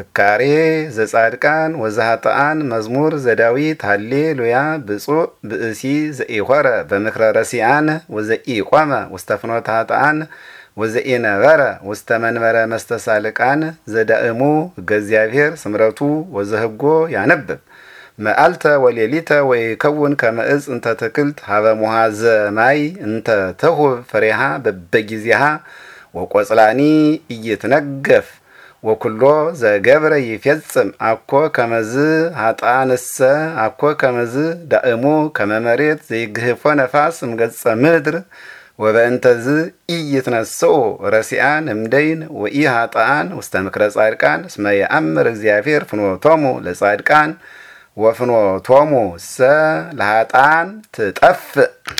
ፍካሬ ዘጻድቃን ወዘሃጥኣን መዝሙር ዘዳዊት ሃሌ ሉያ ብፁእ ብእሲ ዘኢኾረ በምክረ ረሲኣን ወዘኢቆመ ውስተ ፍኖተ ሃጥኣን ወዘኢነበረ ውስተ መንበረ መስተሳልቃን ዘዳእሙ ሕገ እግዚአብሔር ስምረቱ ወዘህጎ ያነብብ መዓልተ ወሌሊተ ወይከውን ከመ ዕፅ እንተ ትክልት ሃበ ሙሃዘ ማይ እንተ ተሁብ ፍሬሃ በበጊዜሃ ወቈጽላኒ እይትነገፍ ወኩሎ ዘገብረ ይፈጽም አኮ ከመዝ ሀጣንሰ አኮ ከመዝ ዳእሙ ከመመሬት ዘይግህፎ ነፋስ እምገጸ ምድር ወበእንተዝ ኢይትነስኡ ረሲኣን እምደይን ወኢ ሃጣኣን ውስተ ምክረ ጻድቃን እስመ የአምር እግዚአብሔር ፍኖቶሙ ለጻድቃን ወፍኖቶሙ ሰ ለሃጣን ትጠፍእ